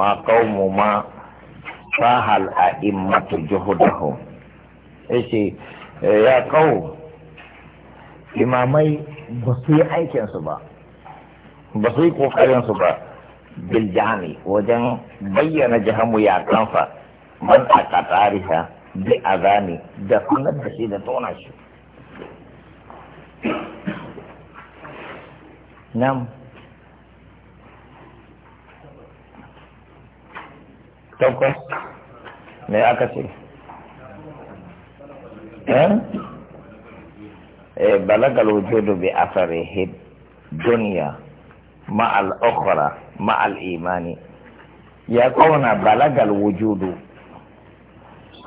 ma qaumu ma sahal a juhudahum yace eh, ya kawo imamai ba su yi aikinsu ba ba su yi kokarin ba biljani wajen bayyana jihamu ya kanfa man a katariha bi azani da sunar da shi da tona shi nam takwas me aka ce eh? eh balagal wujudu bi asarihi dunya ma al ukhra ma al imani ya kauna balagal wujudu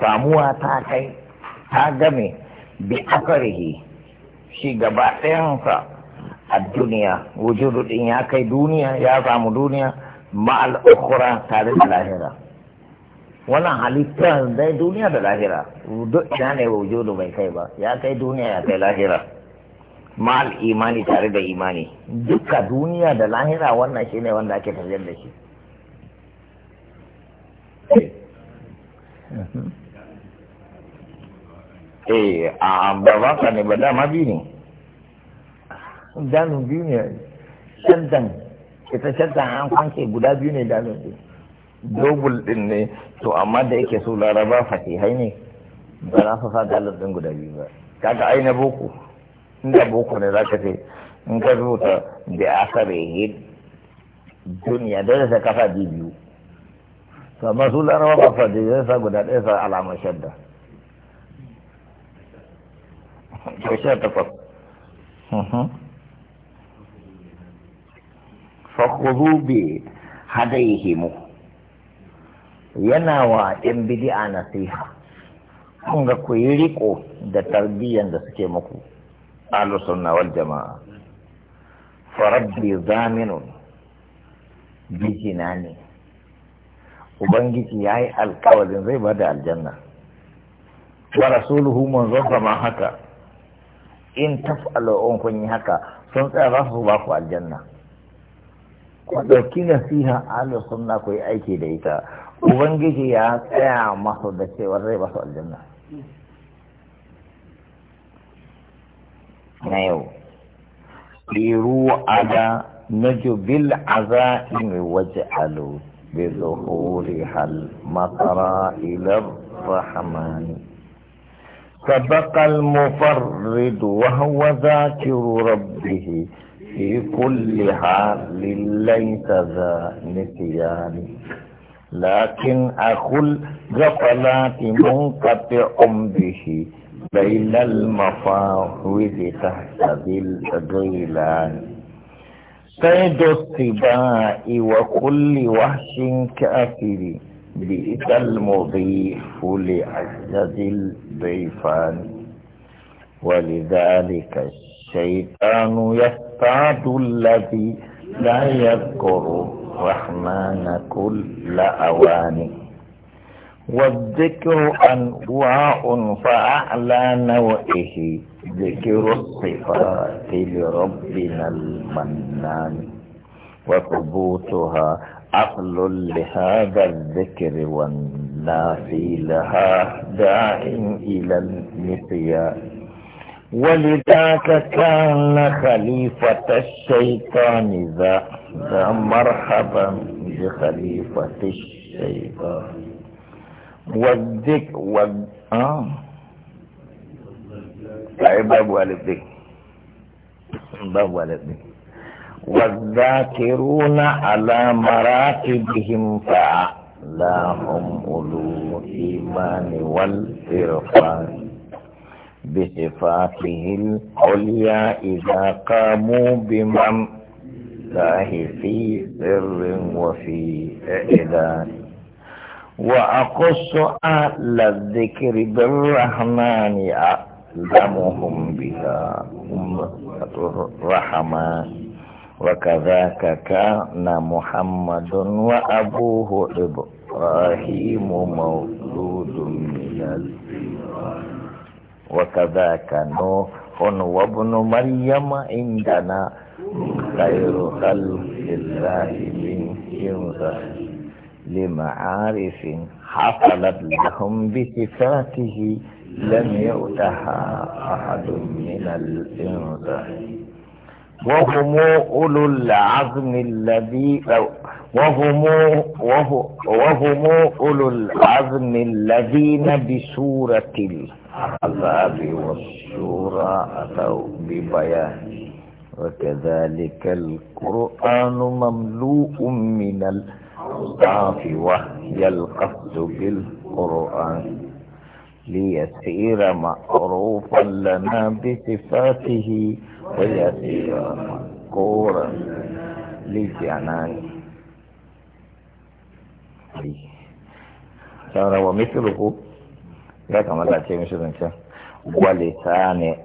samuwa ta kai ta game bi asarihi shi gaba ɗayansa a duniya wujudu din ya kai duniya ya samu duniya ma al ukhra tare da lahira wannan halitta dai duniya da lahira duk ina ne wujudu bai kai ba ya kai duniya ya kai lahira mal imani tare da imani duka duniya da lahira wannan shine wanda ake tafiyar da shi eh, eh a ah, ba ba ka ne ba da ma biyu ne danu biyu ne shantan ita shantan an kwanke guda biyu ne danu biyu dobul din ne to amma da yake so laraba fatihai ne ba na su sa dalar din guda biyu ba kaga ai na boko inda boko ne zaka ce in ka rubuta bi asarihi duniya dole sai ka sa biyu to amma su laraba ba fa zai sa guda ɗaya sa alamar shadda to sha takwas mhm. fakhudhu bi hadayhimu yana wa ɗin bidi'a nasiha kun ga ku yi riko da tarbiyyar da suke muku ahlus sunna wal jama'a farabbi zaminun bijina ne ubangiji ya yi alkawarin zai ba da aljanna wa rasuluhu mun zama haka in taf'alu in kun yi haka sun tsaya za su ba ku aljanna ku ɗauki nasiha ahlus ku yi aiki da ita ubangiji ya tsaya masu da cewar zai basu aljanna na yau liru ala najubil aza'in waj'alu bi zuhuri hal matara ila rahmani سبق المفرد وهو ذاكر ربه في كل حال ليس ذا نسيان لكن أخو الغفلات منقطع به بين المفاوز تحت الغيلان قيد السباء وكل وحش كافر بئس المضيف لأجدد الضيفان ولذلك الشيطان يستعد الذي لا يذكره الرحمن كل أوان والذكر أنواع فأعلى نوعه ذكر الصفات لربنا المنان وثبوتها أصل لهذا الذكر والنافي لها داع إلى النسيان ولذاك كان خليفة الشيطان ذا نعم، مرحبا بخليفة الشيطان والذك وال اه طيب، باب والدك باب والدك والذاكرون على مراتبهم فأعلاهم أولو الإيمان والإرفان بصفاته العليا إذا قاموا بمن الله في سر وفي إذان وأقص أهل الذكر بالرحمن أعلمهم بها أمة الرحمن وكذاك كان محمد وأبوه إبراهيم مولود من الإيمان وكذاك نوح وابن مريم عندنا خير خلق الله من يوسف لمعارف حصلت لهم بصفاته لم يؤتها أحد من الإنسان وهم أولو العزم الذي وهم وهم أولو العزم الذين بسورة العذاب والشورى أتوا ببيان وكذلك القرآن مملوء من الأوصاف وهي القصد بالقرآن ليسير معروفا لنا بصفاته ويسير مذكورا لجنانه إيه. صار ومثله يا كما لا شيء شيء. ولسان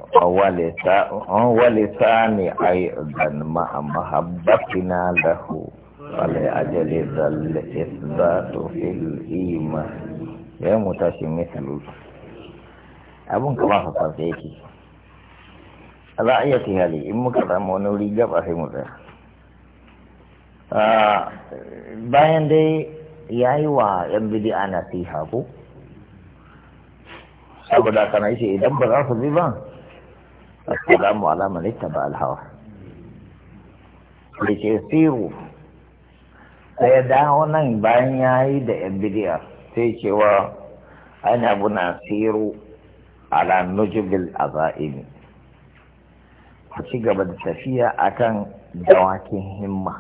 أيضا مع محبتنا له ولأجل ذا الإثبات في الإيمان يا متاشي مثل أبون كما فتاكيك على أية هالي إمك رمون وليجا فهي مدى باين دي يأيوا يمبدي أنا تيهابو saboda kana shi idan ba za su bi ba assalamu ala man ittaba al hawa da siru sai ya dawo nan bayan ya yi da yan sai cewa an abu na siru ala nujubil azaimi ku ci gaba da tafiya akan dawakin himma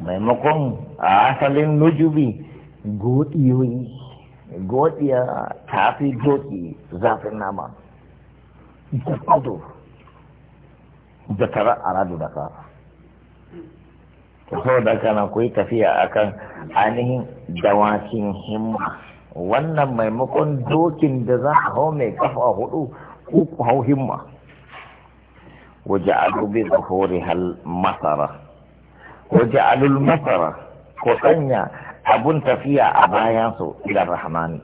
maimakon a asalin nujubi godiyoyi godiya ta fi doki zafin nama da kudu da tara a radu da ka to da kana koyi tafiya akan ainihin dawakin himma wannan maimakon dokin da za a hau mai kafa hudu ko ku hau himma waje alubi hori hal masara waje alul masara ko sanya abun tafiya a su ila rahmani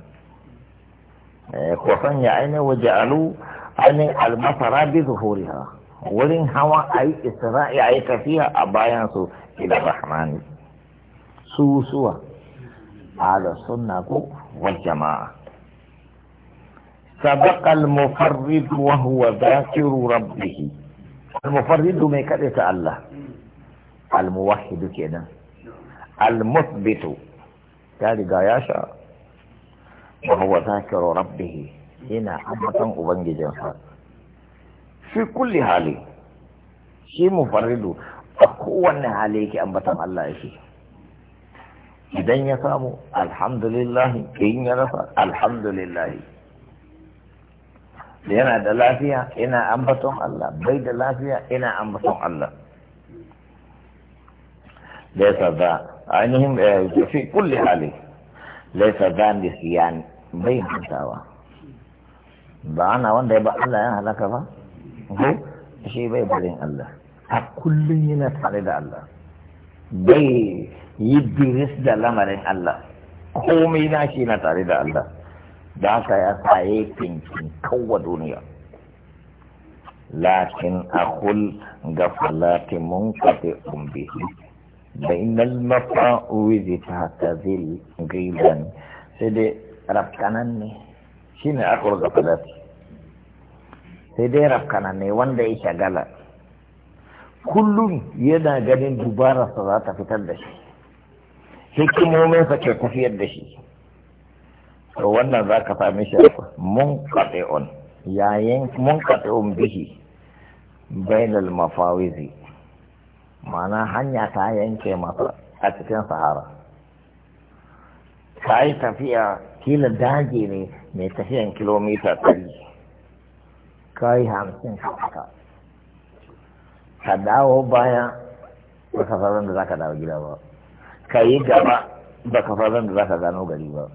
eh, ko sanya aini waje alu ainihin almasara bi zuhuriha wurin hawa a yi isra'i a yi tafiya a su ila rahmani su suwa ala sunna ko wal jama'a سبق المفرد وهو ذاكر ربه المفرد ما كدت الله الموحد كده المثبت ya riga ya sha wa huwa zakiru rabbih yana ambaton ubangijinsa fi kulli hali shi faridu a kowanne hali yake ambaton Allah yake idan ya samu alhamdulillah in ya rasa alhamdulillah yana da lafiya ina ambaton Allah bai da lafiya ina ambaton Allah da ya ainihin eh, fi kulli hali laisa gandi siyan bai hantawa ba ana wanda ya ba Allah ya halaka ba shi bai barin Allah a kullum yana tare da Allah bai yi biris da lamarin Allah komai na shi na tare da Allah da haka ya sa ya kinkin kawwa duniya lakin akul ga falatin mun kafe umbihi بين المفاوض تحت ذي غيبا سيدي رب كانني شيني أقول غفلاتي سيدي رفكنني وان دي شغالة كل يدا قدين دبارة صلاة في تلدش hikimomin sa ke tafiyar da وانا to wannan za ka same shi بين kaɗe'un mana hanya ta yanke masa a cikin sahara ta yi tafiya kila daji ne mai tafiyan kilomita ɗari ka hamsin haka ka dawo baya ba ka fara da za ka dawo gida ba ka yi gaba ba ka fara da za ka gano gari ba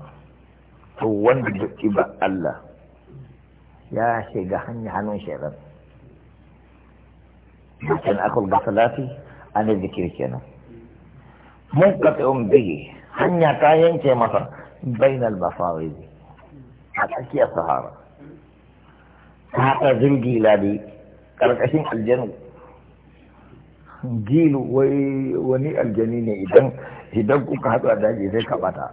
to wanda duki ba Allah ya shiga hanya hannun shaidan mutum akwai ga salati an zikir kenan mun munqati'un bihi hanya ta yanke masa bainal basarid a tsakiyar sahara ta haɗa zirgi ladi ƙarƙashin aljanu gilu wai wani aljani ne idan idan kuka haɗu a daji sai ka ɓata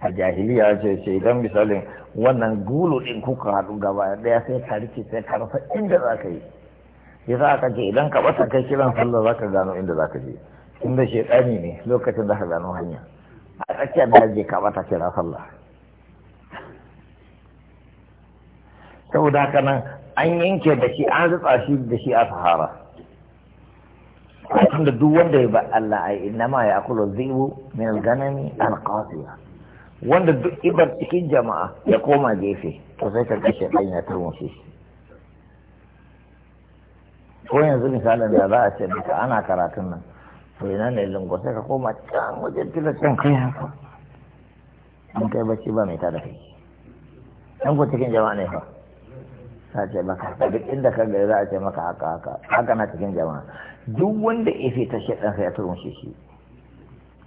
a jahiliya ce ce idan misalin wannan gulu ɗin kuka haɗu gaba ɗaya sai ka rike sai ka rasa inda za ka yi yasa aka ce idan ka bata kai kiran sallah zaka gano inda za ka je inda shedani ne lokacin zaka gano hanya a tsakiyar je ka bata kira sallah saboda haka nan an yanke da shi an rutsa shi da shi a sahara da duk wanda ya ba Allah ai ma ya kula zibu min al-ganami al-qasiya wanda duk ibar cikin jama'a ya koma gefe to sai ka kashe dan ya turmushe shi ko yanzu misalin da za a ce duka ana karatun nan to ina ne lungo sai ka koma can wajen tilacin kai haka an kai bacci ba mai tada kai yan ku cikin jama'a ne fa ta ce maka a duk inda ka gari za a ce maka haka haka haka na cikin jama'a duk wanda ya ta shi ɗansa ya turun shi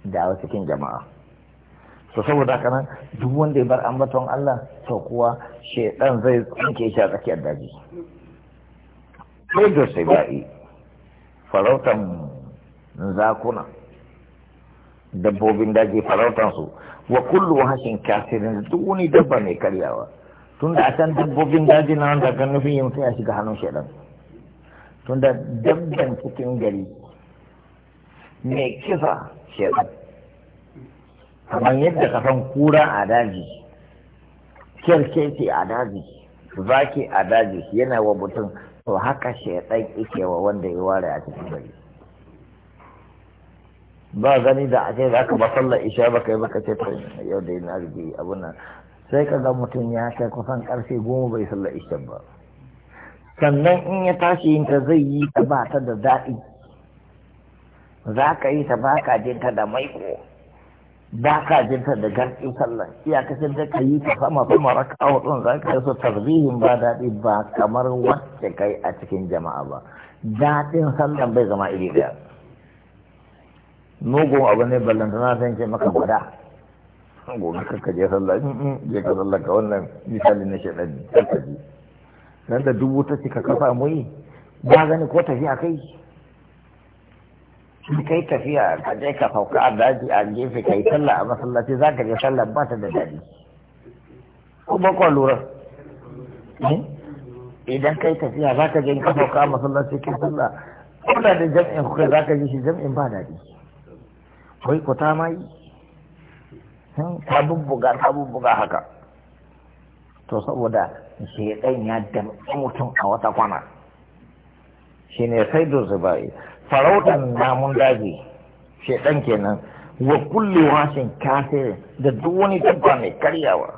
da a cikin jama'a to saboda haka nan duk wanda ya bar ambaton Allah to kuwa shedan zai tsinke shi a tsakiyar daji sai da sai farautan zakuna dabbobin daji farautansu wa kullu hashin kafirin duk wani dabba mai karyawa tun da a can dabbobin daji na wanda kan nufin yin sai a shiga hannun shaidan tun da dabban cikin gari mai kisa shaidan kamar yadda san kura a daji kyarkeci a daji zaki a daji yana wa mutum to haka shaidan yake wa wanda ya ware a cikin gari ba gani da a ce za ka ba sallar isha ba kai baka ce yau da yana rige abun sai ka ga mutum ya kai kusan karfe goma bai sallar isha ba sannan in ya tashi yin ta zai yi ta ba ta da daɗi za ka yi ta ba ka jin da maiko ba ka jinta da garkin sallah iyakacin da ka yi ta sama sama raka hudun za ka yi su tarbihin ba daɗi ba kamar wacce kai a cikin jama'a ba daɗin sallan bai zama iri ɗaya nugu abu ne na san ce maka gwada gobe ka je sallah mm, mm, je ka sallah ka wannan misali na shaɗan ne ka ji nan da dubu ta cika kafa mu yi ba gani ko a kai kai tafiya ka je ka sauka a daji a gefe ka yi sallah a masallaci za ka je sallah ba ta da daɗi ko ba ko lura eh? idan kai tafiya za ka je ka sauka a masallaci ka sallah ko da da jam'in kuka za ka ji shi jam'in ba daɗi wai ko ta ma yi hmm, ta bubbuga ta bubbuga haka to saboda shi ya ya damɗi mutum a wata kwana shine sai da zubai farautan namun daji shedan kenan wa kulli wasin kafir da duk wani dabba mai karyawa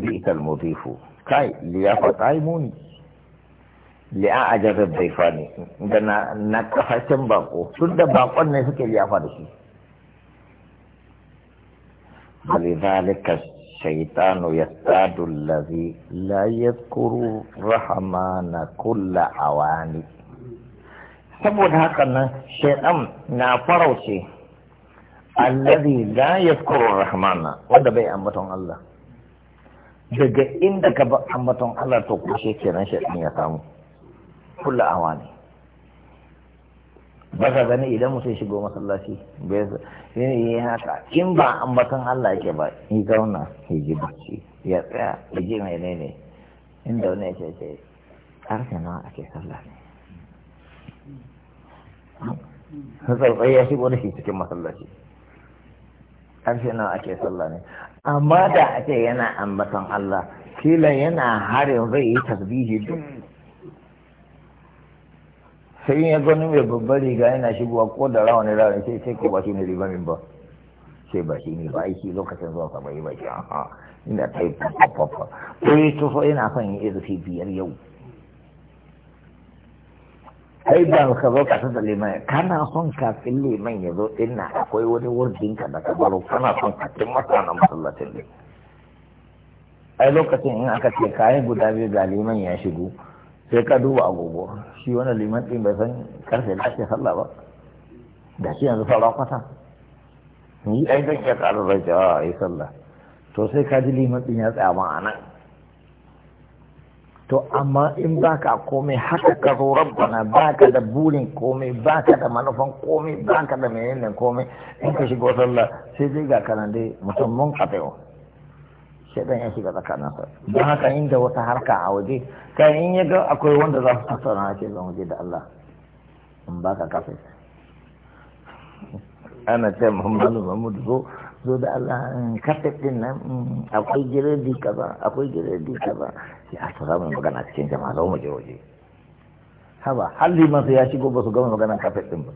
bi ital mutifu kai liyafa tai muni li a ajarar baifa ne da na kafashin bako tun da bakon ne suke liyafa da shi ولذلك الشيطان يستاد الذي لا يذكر رحمن كل أواني saboda haka nan shaidan na farauce allazi la yakuru rahmana wanda bai ambaton Allah daga inda ka ba ambaton Allah to kushe kenan shaidan ya samu kullu awani ba ka gani idan sai shigo masallaci bai yi haka in ba ambaton Allah yake ba in zauna ya ji bacci ya tsaya ya ji ne inda wani ya ce ce karfe ake sallah ne tsartsai ya shigo da shi cikin masallaci ƙarfe nawa ake sallah ne amma da ake yana ambaton Allah kila yana harin zai yi tasbihi duk sai ya gani mai babbar riga yana shigowa ko da rawa ne rawa sai sai ko ba shi ne riba min ba sai ba shi ne ba aiki lokacin zuwa ka bai ba shi a inda ta yi fafafa ko yi tufa yana son yi izufi biyar yau ai ba ka zo ka tada liman kana son kafin liman ya zo din na akwai wani wurin ka da ka baro kana son ka cin masa na masallacin ne ai lokacin in aka ce kayan guda biyu ga liman ya shigo sai ka duba agogo shi wani liman din bai san karfe da ake sallah ba da shi yanzu fara kwata ni ai zan iya ƙarar rai ah, a yi sallah to sai ka ji liman din ya tsaya ma a nan to amma in baka komai haka ka zo rabbana baka da burin komai baka da manufan komai baka da menene komai in ka shiga sallah sai dai ga kanan dai musamman kafewa shaidan ya shiga tsakaninsa don haka inda wata harka a waje ka in ya ga akwai wanda za su tattauna ce zan waje da Allah in baka kafe ana ce Muhammadu Mahmud zo zo da Allah kafet mm, din nan mm, akwai giredi ba akwai giredi ba sai a tsara mai magana cikin jama'a zo mu je waje haba halli masu ya shigo ba su gama magana kafet din ba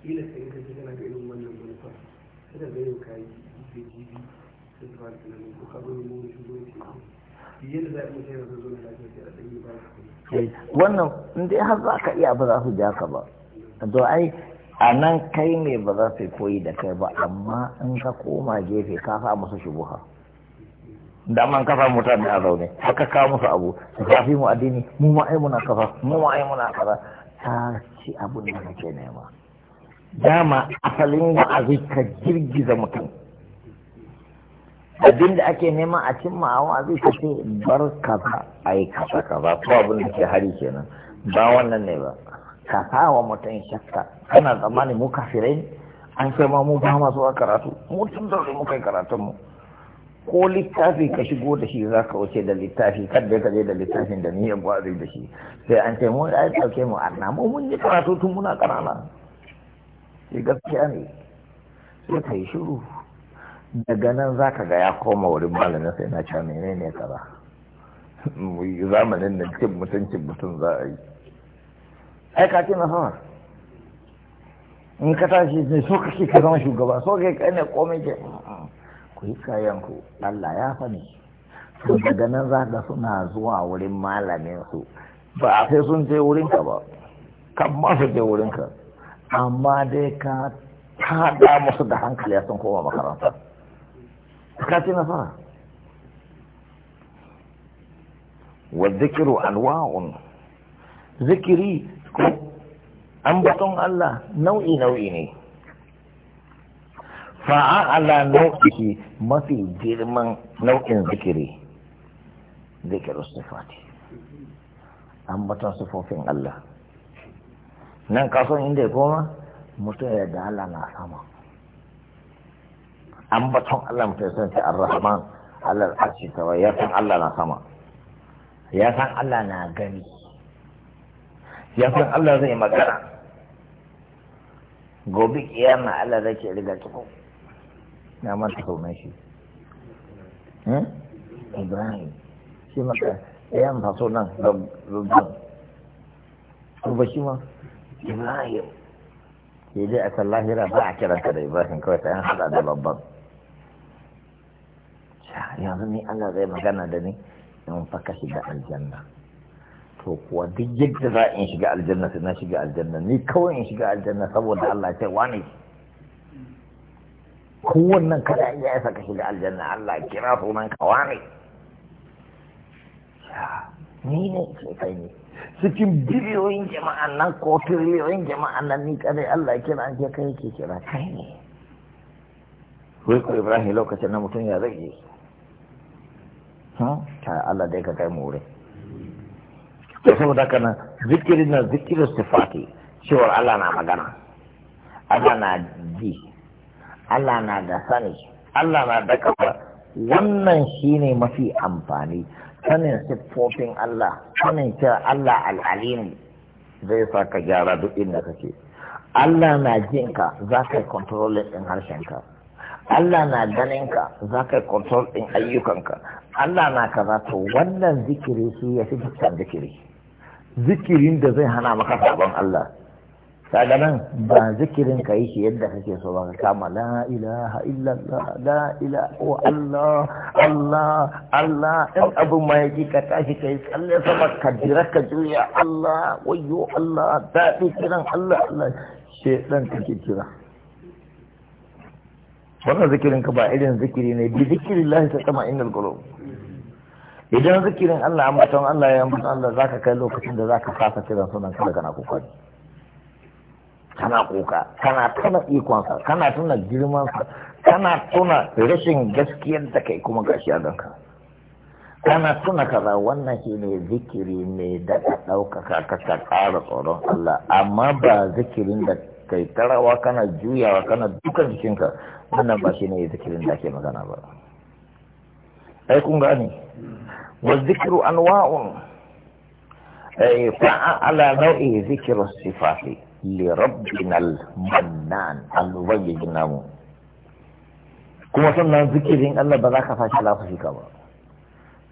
kila hmm? hmm? wannan Eh, wannan in dai har za ka iya ba za su ja ka ba to ai a nan kai ne ba za su koyi da kai ba amma in ka koma gefe ka sa musu shubuha da man kafa mutane a zaune haka ka musu abu su kafi mu addini mu ma ai muna kafa mu ma ai muna kafa, ta ci abun da kake nema dama asalin wa'azi ka girgiza mutum abin da ake nema a cimma a wazi ka ce bar kaza a yi kaza kaza ko abin da ke hari kenan ba wannan ne ba ka sa wa mutum shakka kana zamani mu kafirai an sai ma mu ba masu a karatu mu tun da mu kai karatun mu ko littafi ka shigo da shi za ka wuce da littafi kadda ka je da littafin da niyan gwazi da shi sai an ce mu ya tsauke mu arna mu mun yi karatu tun muna karana gaskiya ne sai ka yi shiru daga nan za ka ga ya koma wurin malamin sai na cewa mene ne kaza zamanin nan cin cin mutum za a yi ai ka ce nasara in ka tashi ne so kake ka zama shugaba so kai kai ne komai ke ku yi kayan ku Allah ya fani to daga nan za ka suna zuwa wurin malamin su ba a sai sun je wurin ka ba kan ma su je wurin ka amma dai ka ta da musu da hankali sun koma makaranta ka ci nasara wa zikiru anwa'un zikiri ko ambaton Allah nau'i nau'i ne fa'ala nau'i mafi girman nau'in zikiri zikiru sifati ambaton sifofin Allah nan kaso inda ya koma mutum ya da Allah na sama An ambaton Allah mutum sun ce an rahman Allah arshi tawa ya san Allah na sama ya san Allah na gani ya san Allah zai magana gobe kiyama Allah zai ce riga cikin na manta sunan shi hmm? Ibrahim shi maka ya nan da rubin ba shi ma Ibrahim sai dai a kan lahira ba a kiranta da Ibrahim kawai ta yan hada da babban Ah, yanzu ni Allah zai magana da ni in faka shiga aljanna to kuwa duk yadda za in shiga aljanna sai na shiga aljanna ni kawai in shiga aljanna saboda Allah ce wani kowannan kada iya ya saka shiga aljanna Allah kira sunan ka wani ni ne sai kai ne cikin biliyoyin jama'an nan ko biliyoyin jama'an nan ni kadai Allah kira an kai ke kira kai ne wai ko Ibrahim lokacin na mutum ya zai yi ta Allah dai ka kai mu wurin to saboda haka nan zikirin na zikirin sifati cewar Allah na magana Allah na ji Allah na da sani Allah na da kafa wannan shine mafi amfani sanin siffofin Allah sanin cewa Allah al'alim zai sa ka gyara duk inda kake Allah na jinka za ka yi kontrolin ɗin harshenka Allah na ganinka za ka yi kontrol ɗin ayyukanka Allah na kaza to wannan zikiri shi ya fi dukkan zikiri zikirin da zai hana maka sabon Allah kaga nan ba zikirin ka yi shi yadda kake so ba ka kama la ilaha illallah la ilaha wa Allah Allah Allah in abu ma yaki ka tashi kai tsalle sama ka jira ka juya Allah wayyo Allah daɗi kiran Allah Allah shedan kake kira wannan zikirin ka ba irin zikiri ne bi zikirin zikirillahi ta kama innal qulub idan zikirin Allah ya mutum Allah ya mutum Allah zaka kai lokacin da zaka fasa kiran sunan kada kana kokari kana kuka kana tuna ikonsa kana tuna girmansa kana tuna rashin gaskiyar da kai kuma gashi a ganka kana tuna kaza wannan shi ne zikiri ne ka ɗaukaka ka ka ƙara tsoron Allah amma ba zikirin da kai tarawa kana juyawa kana dukan jikinka wannan ba shi ne zikirin da ake magana ba. هيكون غني والذكر انواع اي على نوع ذكر الصفات لربنا المنان الوجه نامو كما كنا ذكر ان الله بذاك فاش لا فيك با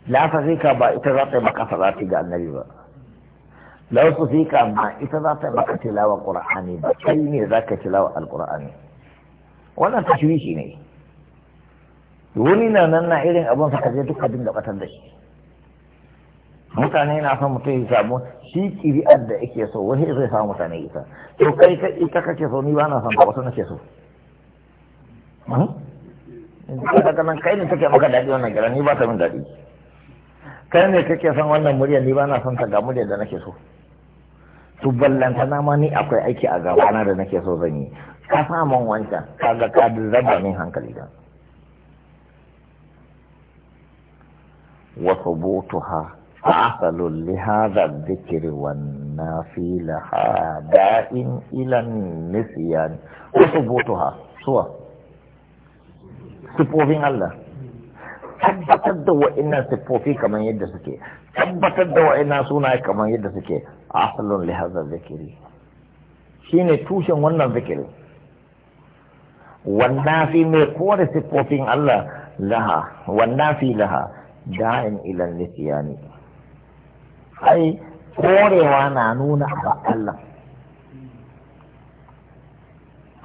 لا فيك با اتذات بك صلاتي جاء النبي با لا فيك با اتذات بك تلاوة قرآني با كلمة ذاك تلاوة القرآني ولا تشويشي نيه wani na nan na irin abin sa kaje duka dinga batar da shi mutane na son mutum ya samu shi kiri'ar da yake so wani zai samu mutane ita to kai ka ita kake so ni ba na son ta wasu nake so daga hmm? nan kai ne take maka daɗi wannan gara ni ba ta min daɗi kai ne kake son wannan murya ni ba na son ta ga murya da nake so to ballanta na ma ni akwai aiki a gabana da nake so zan yi ka samun wancan kaga ka zaba min hankali da وثبوتها أعقل لهذا الذكر والنافي لها داء إلى النسيان وثبوتها سوى سبوفين الله tabbatar da wa'annan siffofi kamar yadda suke tabbatar da wa'annan sunaye kamar yadda suke asalin lihazar zikiri shine tushen wannan zikiri wannan fi mai kore siffofin Allah laha wannan fi laha da'in ilan nisiyani ai korewa na nuna ba Allah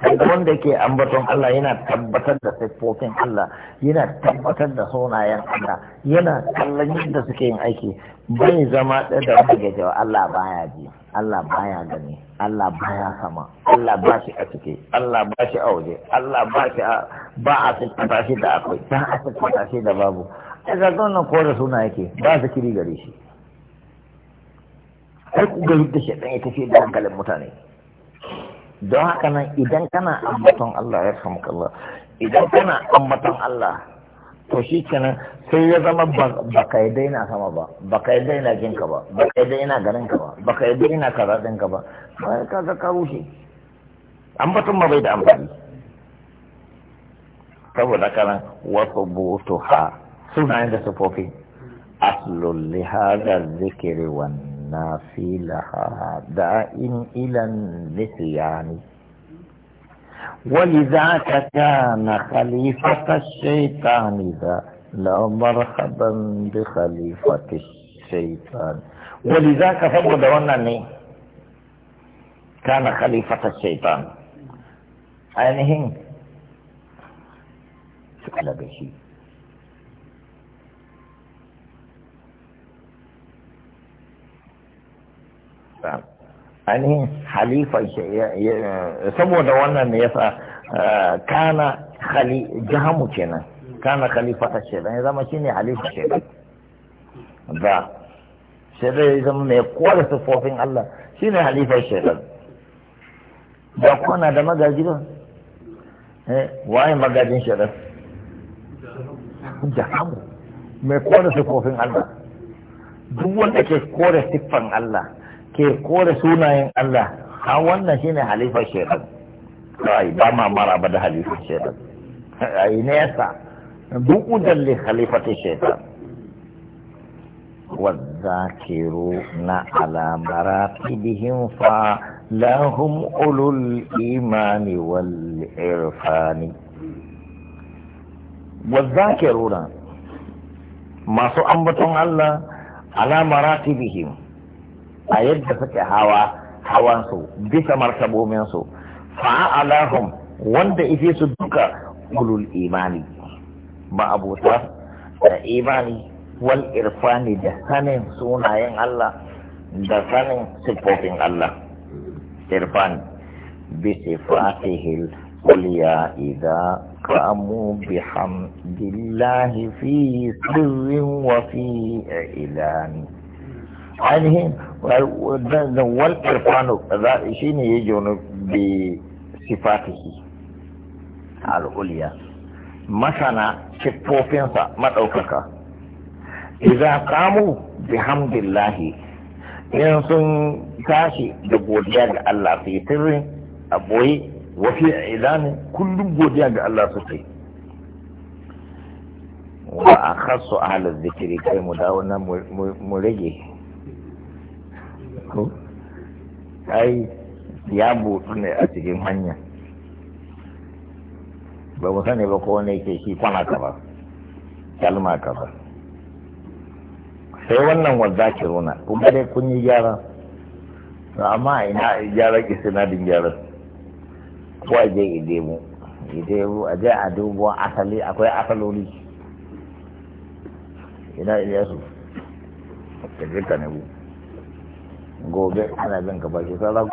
wanda ke ambaton Allah yana tabbatar da siffofin Allah yana tabbatar da sunayen Allah yana kallon yadda suke yin aiki bai zama ɗaya da wani gajewa Allah baya ji Allah baya gani Allah baya sama Allah ba shi a cike Allah ba shi a waje Allah ba shi a ba a siffata shi da akwai ba a siffata shi da babu sai ga wannan da suna yake ba zikiri gare shi har ku gari da shaɗan ya tafi da hankalin mutane don haka nan idan kana ambaton Allah ya samu kallon idan kana ambaton Allah to shi kenan sai ya zama ba ka yi daina sama ba ba ka yi daina jinka ba ba ka yi daina ganin ka ba ba ka yi daina kaza ba ba ka ga ka rushe ambaton ma bai da amfani saboda kana wasu butu ha سنة عند سبوكي أصل لهذا الذكر والناس لها دائم إلى النسيان ولذاك كان خليفة الشيطان إذا لا مرحبا بخليفة الشيطان ولذاك فهو دوانني كان خليفة الشيطان أين هين؟ سؤال بشيء islam ani halifa saboda wannan ne yasa eh, kana khali jahamu kenan kana khalifata ce dan zama shine halifa ce da sai ya zama mai su sufofin Allah shine halifar shaitan da kona da magaji ba eh waye magajin da jahamu mai su sufofin Allah duk wanda ke kore siffan Allah ke kore sunayen Allah a wannan shine halifar shaitan kai ba ma mara ba da halifar shaitan ai nesa duk udan li halifati shaitan والذاكرون على مراتبهم فلهم أولو الإيمان والعرفان والذاكرون ما سو أنبتهم الله على مراتبهم a yadda suke hawa hawansu bisa martabominsu fa'alahum wanda ife su duka ulul imani ba abota da imani wal irfani da sanin sunayen Allah da sanin siffofin Allah irfani bi sifatihil Kuliya, idza qamu bihamdillahi fi sirrin wa fi ilani ainihin wal irfanu kaza shi ne ya jono bi sifatihi al'uliya masana siffofinsa maɗaukaka idza qamu bihamdillahi in sun tashi da godiya ga Allah fi sirrin a boye wa fi ilanin kullum godiya ga Allah su suke wa kasu ahli zikiri, kai mu dawo na mu rage ko ai ya butu ne a cikin hanya ba mu sani ba ko ne ke shi kwana ka ba kalma ka ba sai wannan wadda ki runa kuma dai kun yi gyara amma ina gyara ki sinadin gyara ko a je ide mu ide mu a je a dubo asali akwai asaloli ina iya su ka je ka nemo gobe ana bin ka bashi sai